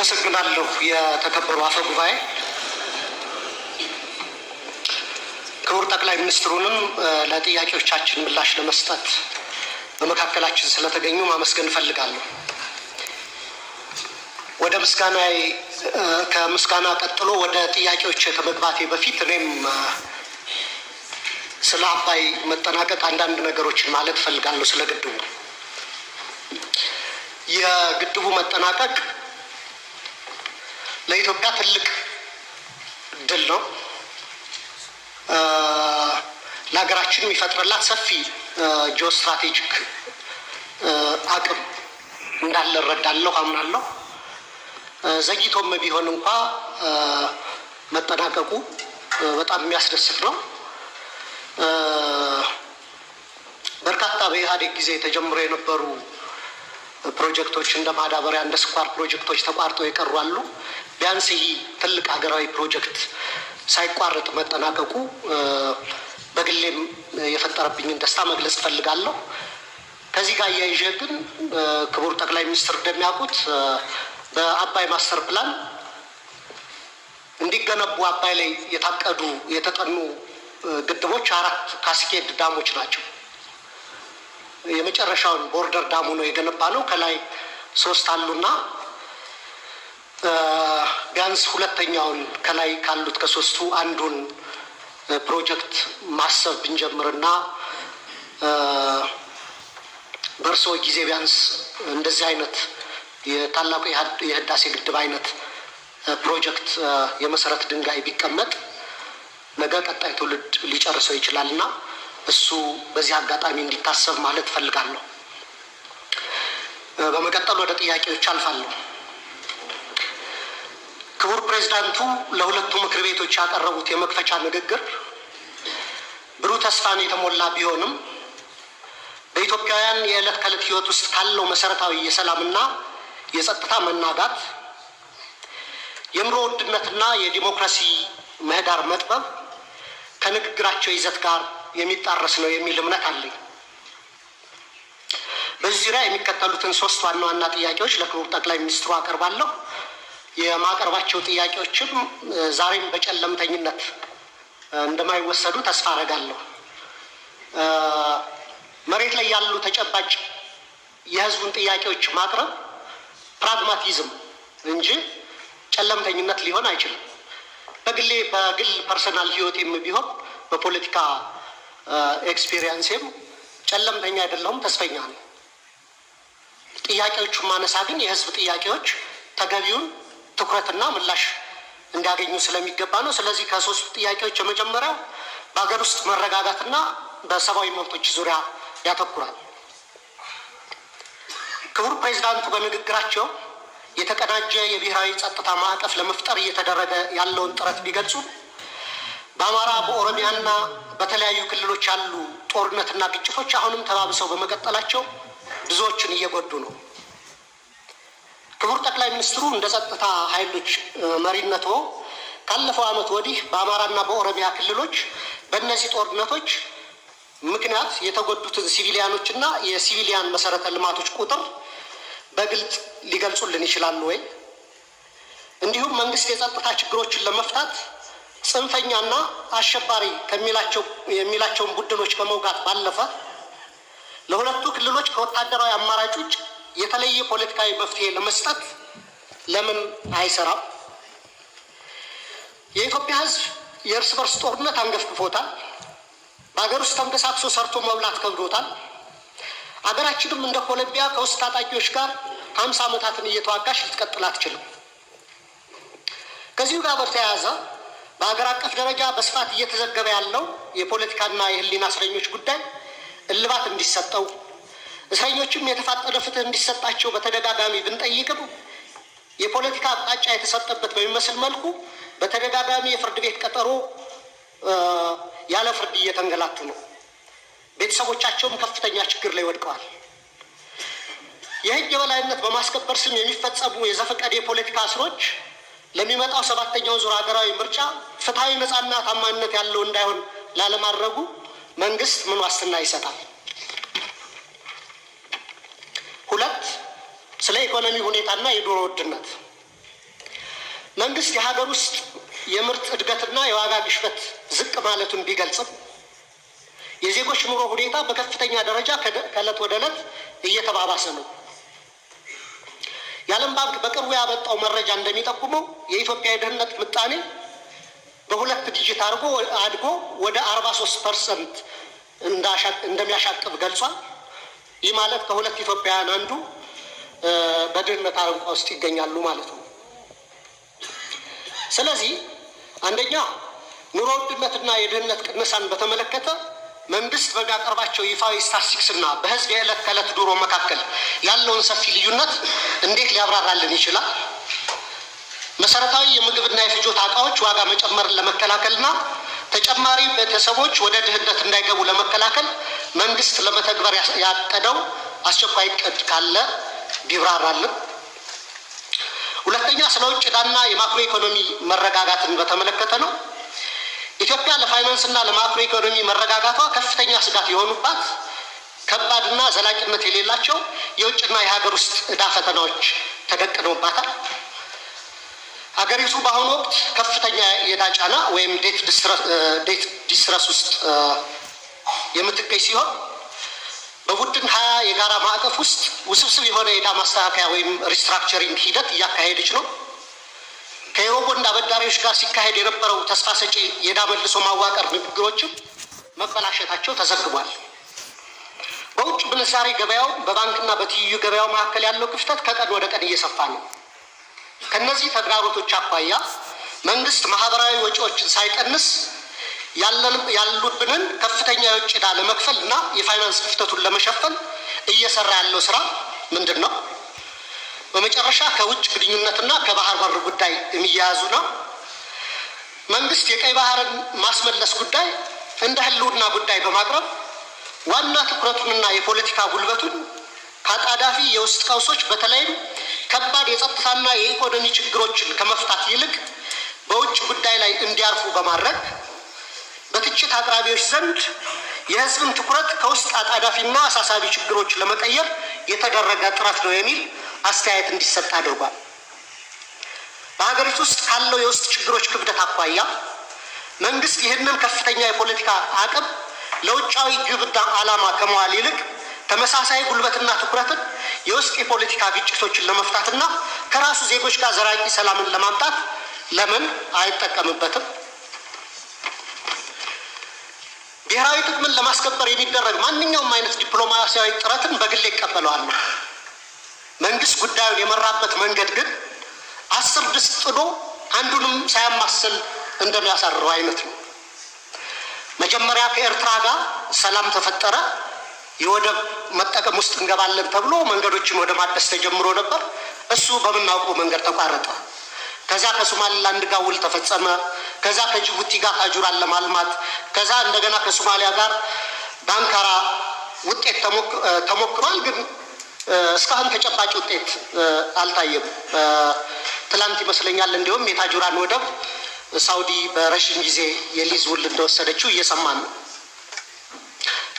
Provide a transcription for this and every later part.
አመሰግናለሁ የተከበሩ አፈ ጉባኤ። ክቡር ጠቅላይ ሚኒስትሩንም ለጥያቄዎቻችን ምላሽ ለመስጠት በመካከላችን ስለተገኙ ማመስገን እፈልጋለሁ። ወደ ምስጋና ከምስጋና ቀጥሎ ወደ ጥያቄዎች ከመግባቴ በፊት እኔም ስለ አባይ መጠናቀቅ አንዳንድ ነገሮችን ማለት እፈልጋለሁ። ስለ ግድቡ የግድቡ መጠናቀቅ ለኢትዮጵያ ትልቅ ድል ነው። ለሀገራችን የሚፈጥርላት ሰፊ ጂኦ ስትራቴጂክ አቅም እንዳለ እረዳለሁ፣ አምናለሁ። ዘግይቶም ቢሆን እንኳ መጠናቀቁ በጣም የሚያስደስት ነው። በርካታ በኢህአዴግ ጊዜ ተጀምሮ የነበሩ ፕሮጀክቶች እንደ ማዳበሪያ እንደ ስኳር ፕሮጀክቶች ተቋርጠው የቀሩ አሉ። ቢያንስ ይህ ትልቅ ሀገራዊ ፕሮጀክት ሳይቋረጥ መጠናቀቁ በግሌም የፈጠረብኝን ደስታ መግለጽ እፈልጋለሁ። ከዚህ ጋር እያይዤ ግን ክቡር ጠቅላይ ሚኒስትር እንደሚያውቁት በአባይ ማስተር ፕላን እንዲገነቡ አባይ ላይ የታቀዱ የተጠኑ ግድቦች አራት ካስኬድ ዳሞች ናቸው። የመጨረሻውን ቦርደር ዳሙ ነው የገነባ ነው። ከላይ ሶስት አሉና ቢያንስ ሁለተኛውን ከላይ ካሉት ከሶስቱ አንዱን ፕሮጀክት ማሰብ ብንጀምርና በእርሶ ጊዜ ቢያንስ እንደዚህ አይነት የታላቁ የህዳሴ ግድብ አይነት ፕሮጀክት የመሰረት ድንጋይ ቢቀመጥ ነገ ቀጣይ ትውልድ ሊጨርሰው ይችላልና እሱ በዚህ አጋጣሚ እንዲታሰብ ማለት እፈልጋለሁ። በመቀጠል ወደ ጥያቄዎች አልፋለሁ። ክቡር ፕሬዚዳንቱ ለሁለቱ ምክር ቤቶች ያቀረቡት የመክፈቻ ንግግር ብሩህ ተስፋን የተሞላ ቢሆንም በኢትዮጵያውያን የዕለት ከዕለት ሕይወት ውስጥ ካለው መሰረታዊ የሰላምና የጸጥታ መናጋት፣ የኑሮ ውድነትና የዲሞክራሲ ምህዳር መጥበብ ከንግግራቸው ይዘት ጋር የሚጣረስ ነው የሚል እምነት አለኝ። በዚህ ዙሪያ የሚከተሉትን ሶስት ዋና ዋና ጥያቄዎች ለክቡር ጠቅላይ ሚኒስትሩ አቀርባለሁ። የማቀርባቸው ጥያቄዎችም ዛሬም በጨለምተኝነት እንደማይወሰዱ ተስፋ አረጋለሁ። መሬት ላይ ያሉ ተጨባጭ የህዝቡን ጥያቄዎች ማቅረብ ፕራግማቲዝም እንጂ ጨለምተኝነት ሊሆን አይችልም። በግሌ በግል ፐርሰናል ሕይወቴም ቢሆን በፖለቲካ ኤክስፒሪየንሴም ጨለምተኛ አይደለሁም፣ ተስፈኛ ነው። ጥያቄዎቹን ማነሳ ግን የህዝብ ጥያቄዎች ተገቢውን ትኩረትና ምላሽ እንዲያገኙ ስለሚገባ ነው። ስለዚህ ከሶስቱ ጥያቄዎች የመጀመሪያው በሀገር ውስጥ መረጋጋትና በሰብአዊ መብቶች ዙሪያ ያተኩራል። ክቡር ፕሬዚዳንቱ በንግግራቸው የተቀናጀ የብሔራዊ ጸጥታ ማዕቀፍ ለመፍጠር እየተደረገ ያለውን ጥረት ቢገልጹ በአማራ በኦሮሚያና በተለያዩ ክልሎች ያሉ ጦርነትና ግጭቶች አሁንም ተባብሰው በመቀጠላቸው ብዙዎችን እየጎዱ ነው። ክቡር ጠቅላይ ሚኒስትሩ እንደ ጸጥታ ኃይሎች መሪነቶ ካለፈው ዓመት ወዲህ በአማራና በኦሮሚያ ክልሎች በእነዚህ ጦርነቶች ምክንያት የተጎዱትን ሲቪሊያኖችና የሲቪሊያን መሰረተ ልማቶች ቁጥር በግልጽ ሊገልጹልን ይችላሉ ወይ? እንዲሁም መንግስት የጸጥታ ችግሮችን ለመፍታት ጽንፈኛና አሸባሪ የሚላቸውን ቡድኖች ከመውጋት ባለፈ ለሁለቱ ክልሎች ከወታደራዊ አማራጮች የተለየ ፖለቲካዊ መፍትሄ ለመስጠት ለምን አይሰራም? የኢትዮጵያ ሕዝብ የእርስ በርስ ጦርነት አንገፍግፎታል። በሀገር ውስጥ ተንቀሳቅሶ ሰርቶ መብላት ከብዶታል። አገራችንም እንደ ኮሎምቢያ ከውስጥ ታጣቂዎች ጋር ሀምሳ ዓመታትን እየተዋጋሽ ልትቀጥል አትችልም። ከዚሁ ጋር በተያያዘ በሀገር አቀፍ ደረጃ በስፋት እየተዘገበ ያለው የፖለቲካና የህሊና እስረኞች ጉዳይ እልባት እንዲሰጠው እስረኞችም የተፋጠነ ፍትህ እንዲሰጣቸው በተደጋጋሚ ብንጠይቅም የፖለቲካ አቅጣጫ የተሰጠበት በሚመስል መልኩ በተደጋጋሚ የፍርድ ቤት ቀጠሮ ያለ ፍርድ እየተንገላቱ ነው። ቤተሰቦቻቸውም ከፍተኛ ችግር ላይ ወድቀዋል። የህግ የበላይነት በማስከበር ስም የሚፈጸሙ የዘፈቀድ የፖለቲካ እስሮች ለሚመጣው ሰባተኛው ዙር ሀገራዊ ምርጫ ፍትሐዊ ነፃና ታማኝነት ያለው እንዳይሆን ላለማድረጉ መንግስት ምን ዋስትና ይሰጣል? ሁለት ስለ ኢኮኖሚ ሁኔታና የኑሮ ውድነት መንግስት የሀገር ውስጥ የምርት እድገትና የዋጋ ግሽበት ዝቅ ማለቱን ቢገልጽም የዜጎች ኑሮ ሁኔታ በከፍተኛ ደረጃ ከእለት ወደ እለት እየተባባሰ ነው። የዓለም ባንክ በቅርቡ ያበጣው መረጃ እንደሚጠቁመው የኢትዮጵያ የድህነት ምጣኔ በሁለት ዲጂት አድርጎ አድጎ ወደ አርባ ሶስት ፐርሰንት እንደሚያሻቅብ ገልጿል። ይህ ማለት ከሁለት ኢትዮጵያውያን አንዱ በድህነት አረንቋ ውስጥ ይገኛሉ ማለት ነው። ስለዚህ አንደኛ ኑሮ ውድነትና የድህነት ቅነሳን በተመለከተ መንግስት በሚያቀርባቸው ይፋዊ ስታትስቲክስና በህዝብ የዕለት ከዕለት ዱሮ መካከል ያለውን ሰፊ ልዩነት እንዴት ሊያብራራልን ይችላል? መሰረታዊ የምግብና የፍጆታ እቃዎች ዋጋ መጨመርን ለመከላከልና ተጨማሪ ቤተሰቦች ወደ ድህነት እንዳይገቡ ለመከላከል መንግስት ለመተግበር ያቀደው አስቸኳይ እቅድ ካለ ቢብራራልን። ሁለተኛ ስለ ውጭ ዕዳና የማክሮ ኢኮኖሚ መረጋጋትን በተመለከተ ነው። ኢትዮጵያ እና ለማክሮ ኢኮኖሚ መረጋጋቷ ከፍተኛ ስጋት የሆኑባት ከባድና ዘላቂነት የሌላቸው የውጭና የሀገር ውስጥ እዳ ፈተናዎች ተደቅነውባታል። ሀገሪቱ በአሁኑ ወቅት ከፍተኛ የዕዳ ጫና ወይም ዴት ዲስትረስ ውስጥ የምትገኝ ሲሆን በቡድን ሀያ የጋራ ማዕቀፍ ውስጥ ውስብስብ የሆነ የዕዳ ማስተካከያ ወይም ሪስትራክቸሪንግ ሂደት እያካሄደች ነው። ከኢሮብና አበዳሪዎች ጋር ሲካሄድ የነበረው ተስፋ ሰጪ የዕዳ መልሶ ማዋቀር ንግግሮችም መበላሸታቸው ተዘግቧል። በውጭ ምንዛሬ ገበያው በባንክና በትይዩ ገበያው መካከል ያለው ክፍተት ከቀን ወደ ቀን እየሰፋ ነው። ከእነዚህ ተግዳሮቶች አኳያ መንግስት ማህበራዊ ወጪዎችን ሳይቀንስ ያሉብንን ከፍተኛ የውጭ ዕዳ ለመክፈል እና የፋይናንስ ክፍተቱን ለመሸፈን እየሰራ ያለው ስራ ምንድን ነው? በመጨረሻ ከውጭ ግንኙነትና ከባህር በር ጉዳይ የሚያያዙ ነው። መንግስት የቀይ ባህርን ማስመለስ ጉዳይ እንደ ህልውና ጉዳይ በማቅረብ ዋና ትኩረቱንና የፖለቲካ ጉልበቱን ከአጣዳፊ የውስጥ ቀውሶች በተለይም ከባድ የጸጥታና የኢኮኖሚ ችግሮችን ከመፍታት ይልቅ በውጭ ጉዳይ ላይ እንዲያርፉ በማድረግ በትችት አቅራቢዎች ዘንድ የህዝብን ትኩረት ከውስጥ አጣዳፊና አሳሳቢ ችግሮች ለመቀየር የተደረገ ጥረት ነው የሚል አስተያየት እንዲሰጥ አድርጓል። በሀገሪቱ ውስጥ ካለው የውስጥ ችግሮች ክብደት አኳያ መንግስት ይህንን ከፍተኛ የፖለቲካ አቅም ለውጫዊ ግብና ዓላማ ከመዋል ይልቅ ተመሳሳይ ጉልበትና ትኩረትን የውስጥ የፖለቲካ ግጭቶችን ለመፍታትና ከራሱ ዜጎች ጋር ዘራቂ ሰላምን ለማምጣት ለምን አይጠቀምበትም? ብሔራዊ ጥቅምን ለማስከበር የሚደረግ ማንኛውም አይነት ዲፕሎማሲያዊ ጥረትን በግል ይቀበለዋል ነው። መንግስት ጉዳዩን የመራበት መንገድ ግን አስር ድስት ጥዶ አንዱንም ሳያማስል እንደሚያሳርረው አይነት ነው። መጀመሪያ ከኤርትራ ጋር ሰላም ተፈጠረ። የወደብ መጠቀም ውስጥ እንገባለን ተብሎ መንገዶችን ወደ ማደስ ተጀምሮ ነበር። እሱ በምናውቀው መንገድ ተቋረጠ። ከዛ ከሶማሊላንድ ጋር ውል ተፈጸመ። ከዛ ከጅቡቲ ጋር ታጁራን ለማልማት ከዛ እንደገና ከሶማሊያ ጋር በአንካራ ውጤት ተሞክሯል ግን እስካሁን ተጨባጭ ውጤት አልታየም። ትላንት ይመስለኛል እንዲሁም የታጁራን ወደብ ሳውዲ በረዥም ጊዜ የሊዝ ውል እንደወሰደችው እየሰማን ነው።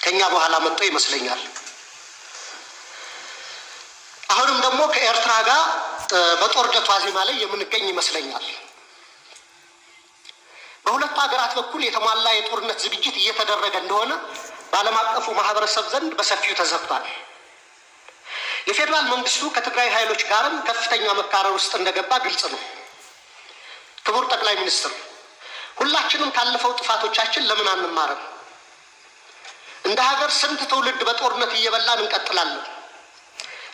ከኛ በኋላ መጥቶ ይመስለኛል። አሁንም ደግሞ ከኤርትራ ጋር በጦርነት ዋዜማ ላይ የምንገኝ ይመስለኛል። በሁለቱ ሀገራት በኩል የተሟላ የጦርነት ዝግጅት እየተደረገ እንደሆነ በዓለም አቀፉ ማህበረሰብ ዘንድ በሰፊው ተዘግቷል። የፌዴራል መንግስቱ ከትግራይ ኃይሎች ጋርም ከፍተኛ መካረር ውስጥ እንደገባ ግልጽ ነው። ክቡር ጠቅላይ ሚኒስትር፣ ሁላችንም ካለፈው ጥፋቶቻችን ለምን አንማርም? እንደ ሀገር ስንት ትውልድ በጦርነት እየበላን እንቀጥላለን?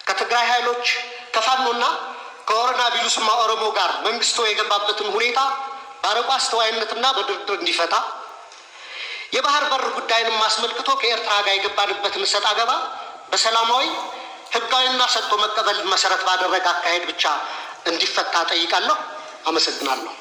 ከትግራይ ኃይሎች ከፋኖና ከወረና ቢሉስማ ኦሮሞ ጋር መንግስቶ የገባበትን ሁኔታ በአርቆ አስተዋይነትና በድርድር እንዲፈታ የባህር በር ጉዳይንም አስመልክቶ ከኤርትራ ጋር የገባንበትን እሰጥ አገባ በሰላማዊ ህጋዊና ሰጥቶ መቀበል መሰረት ባደረገ አካሄድ ብቻ እንዲፈታ ጠይቃለሁ። አመሰግናለሁ።